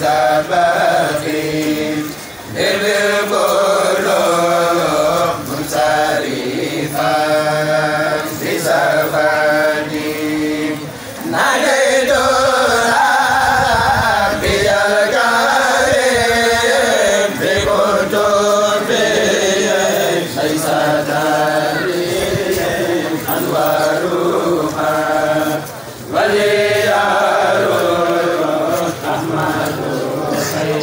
Sabbath.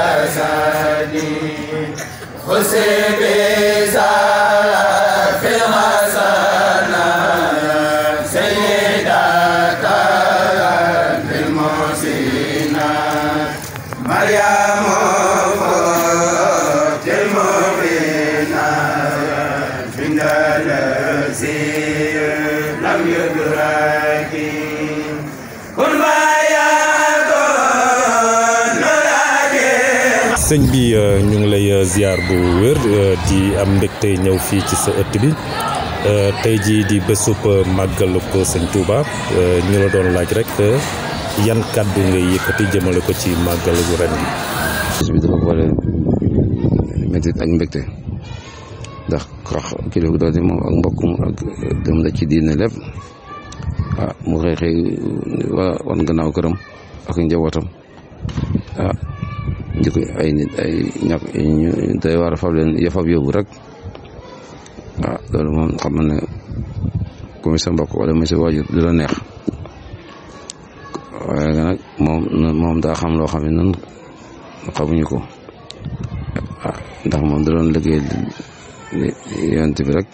وجسدي خسي بزاد sëñ bi euh, ñu ngi lay euh, ziar bu wér euh, di am mbégte ñëw fii ci sa ëtt bi tey jii di bésub màggal ko sëñ Touba ñu la doon laaj rek yan kàddu ngay yëkkati jëmale ko ci màggal gu ren ak mbégte ndax wax kilifa doon moom ak mbokkum ak dem la ci diin lépp waaw ah, mu xëy waa wan gannaaw këram ak njabootam waaw. Ah, di ko ay nit day ñàkk ñu doy waar fab leen ya fab yóbbu rek a ah, loolu moom xam na ne ku mi sa mbokk wala mu sa waajur du la neex nag moom moom daa xam loo xam ne noonu xamuñu ko ah, ndax moom da doon liggéey yonent bi rek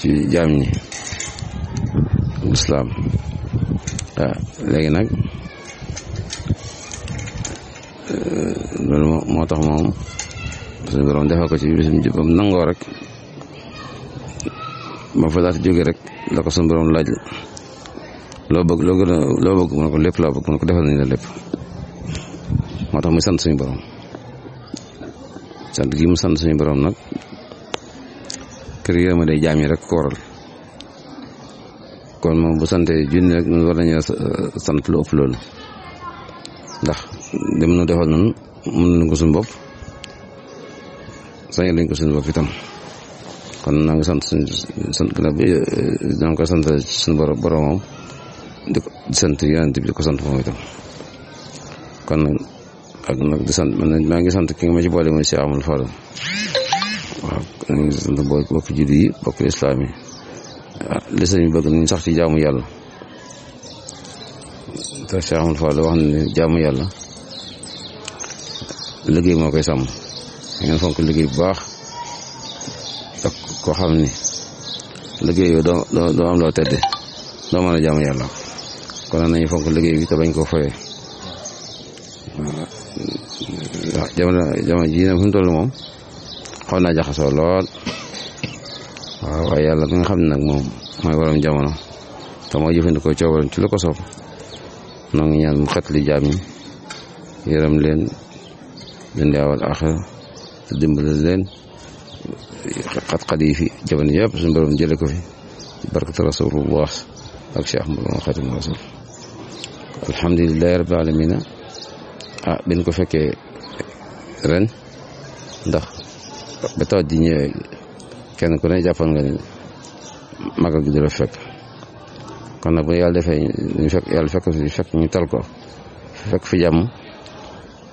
ci jaam ñi lislaam waaw ah, léegi nag Euh, loolu moo tax moom suñu borom defal ko ci bisum jubam nangoo rek ma fa laata jóge rek la ko suñu borom laaj loo bëgg loo gën lépp loo bëgg mën nañ la lépp tax muy sant suñu borom sant gi mu sant suñu borom nag kër gi ma day jaam rek ko waral bu sante junni rek ñun euh, sant lu ëpp loolu. ndax dem nu defal noonu mën nañ ko suñu bopp sañ nañ ko suñu bopp itam kon naa ngi sant suñu sant gannaaw bi naa sant suñu boromam di ko sant yonent bi di ko sant moom itam kon nag ak nag di sant maa ngi sant ki nga ma ci boole mooy si amul Fadal waaw maa sant bokk jullit yi bokk islaam yi li sëñ bi bëgg nañ sax ci jaamu yàlla. te Cheikh Amadou Fall wax na jaamu yàlla liggéey moo koy sàmm da ngeen fonk liggéey bu baax ak koo xam ni liggéey yooyu doo doo am loo tedde doo mën a jaamu yàlla kon nañu fonk liggéey bi te bañ koo foyee waaw jamono jamono jii nag fi moom xaw naa jaxasoo lool waaw waaye yàlla mi nga xam ne nag moom mooy borom jamono te moo jëfandikoo coobaram ci lu ko soob noo ngi ñaan mu xet li jaam yi yërëm leen dundaawal axira te dimbale leen xat-xat yi fi jamono yëpp suñu borom jële ko fi barkatu rasulullah ak Cheikh Ahmadou Xatim Rasul alhamdulilahi rabbil alamina ah biñ ko fekkee ren ndax ba tawat ji kenn ku ne jàppoon nga ni magal gi du kon nag bu yàlla defee ñu fekk yàlla fekk fi fekk ñu tal ko fekk fi jàmm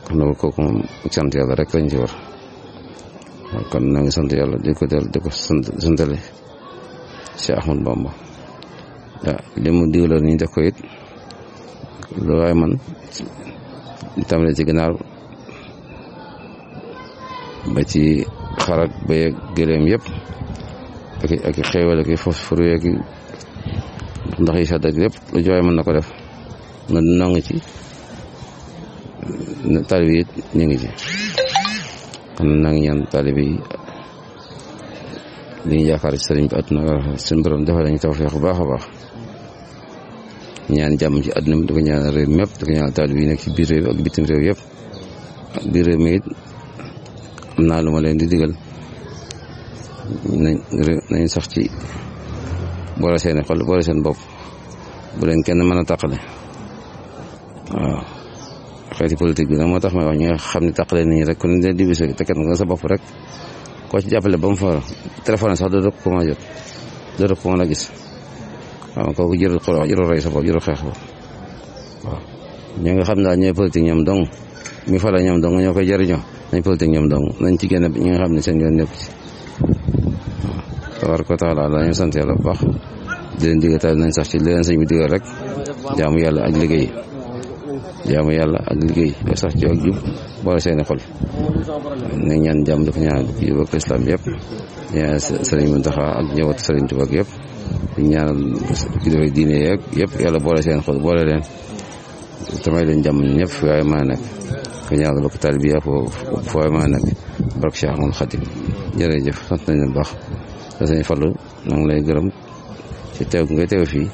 kon nag yàlla rek lañ ci war kon na ngi yàlla di ko del di ko sant santale Cheikh Ahmadou Bamba waaw li mu diwla ñu def ko it lu waay man tamit ci ginnaaw ba ci xarak ba yeeg gëléem yëpp ak i ak i fos furu yeeg ndox yi sedd ak lépp lu jooy mën na ko def na noo ci taalibe yi ñu ngi ci kon noo ngi ñaan taalibe yi li ñu ci sëriñ bi àdduna suñ borom defal nañu tawfeex bu baax a baax ñaan jàmm ci àdduna bi di ko ñaanal réew mépp di ko ñaanal taalibe yi nekk ci biir réew ak bitim biir réew mi it am naa lu di digal nañ sax ci boole seeni xol boole seen bopp bu leen kenn mën a taqale waaw xeeti politique bi nag moo tax may wax ñu xam ne taqale nii rek ku ne dina divisé te kenn nga sa bopp rek koo ci jàppale ba mu fa téléphone sax doo ko mën a jot doo ko mën a gis waaw kooku jërul xuloo jërul rey sa bopp jërul xeex bopp waaw ñi xam daal ñooy politique ñoom dong mi fa ñoom dong ñoo koy jëriñoo nañ politique ñoom dong nañ ci génn ñi nga xam ne seen yoon nekku ci waaw tabaraka wa taala la ñu sant yàlla bu baax di leen digal nañ sax ci leen sañ bi digal rek jaamu yàlla ak liggéey jaamu yàlla ak liggéey sax ci ak jub boole seeni xol ne ñaan jàmm dafa ñaanal jub ak islam yëpp ñaanal sëriñ Muntaxa ak njabootu yëpp di ñaanal kilifa diine yeeg yëpp yàlla boole seen xol boole leen tamay leen jàmm ñëpp waaye maa nekk ko ñaanal bokk taalibe yi foofu fooy maa nekk barke Cheikh Ahmadou Khadim jërëjëf sant nañ baax da sëñ Fallu maa ngi lay gërëm ci teew nga teew fii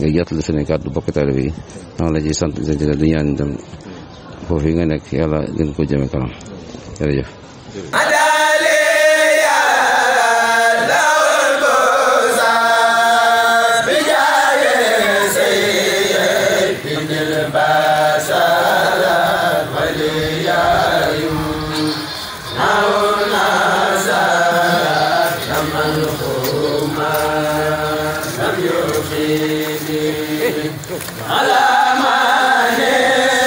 nga jottali suñu kàddu bokk taalibe yi noonu la ciy sant di la di ñaan itam foofu yi nga nekk yàlla gën ko jëme kanam jërëjëf يخيب على ما هي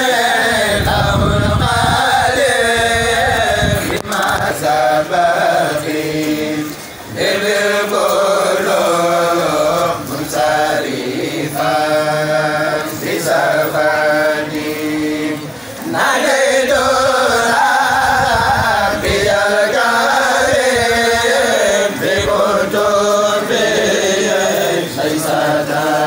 سيسادا